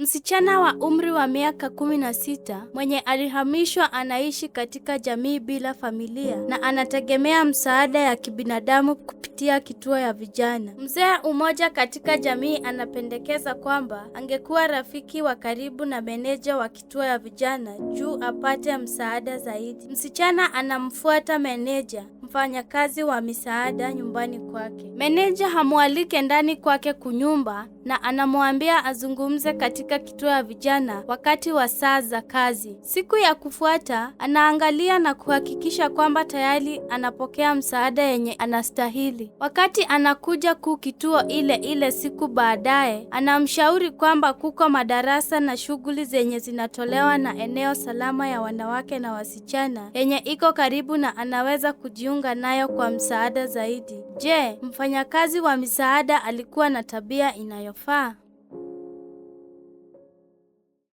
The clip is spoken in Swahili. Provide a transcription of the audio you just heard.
Msichana wa umri wa miaka kumi na sita mwenye alihamishwa anaishi katika jamii bila familia na anategemea msaada ya kibinadamu kupitia kituo ya vijana. Mzee umoja katika jamii anapendekeza kwamba angekuwa rafiki wa karibu na meneja wa kituo ya vijana juu apate msaada zaidi. Msichana anamfuata meneja mfanyakazi wa misaada nyumbani kwake. Meneja hamwalike ndani kwake kunyumba na anamwambia azungumze katika kituo ya vijana wakati wa saa za kazi. Siku ya kufuata anaangalia na kuhakikisha kwamba tayari anapokea msaada yenye anastahili. Wakati anakuja kuu kituo ile ile siku baadaye, anamshauri kwamba kuko madarasa na shughuli zenye zinatolewa na eneo salama ya wanawake na wasichana yenye iko karibu na anaweza kujiunga kujiunga nayo kwa msaada zaidi. Je, mfanyakazi wa misaada alikuwa na tabia inayofaa?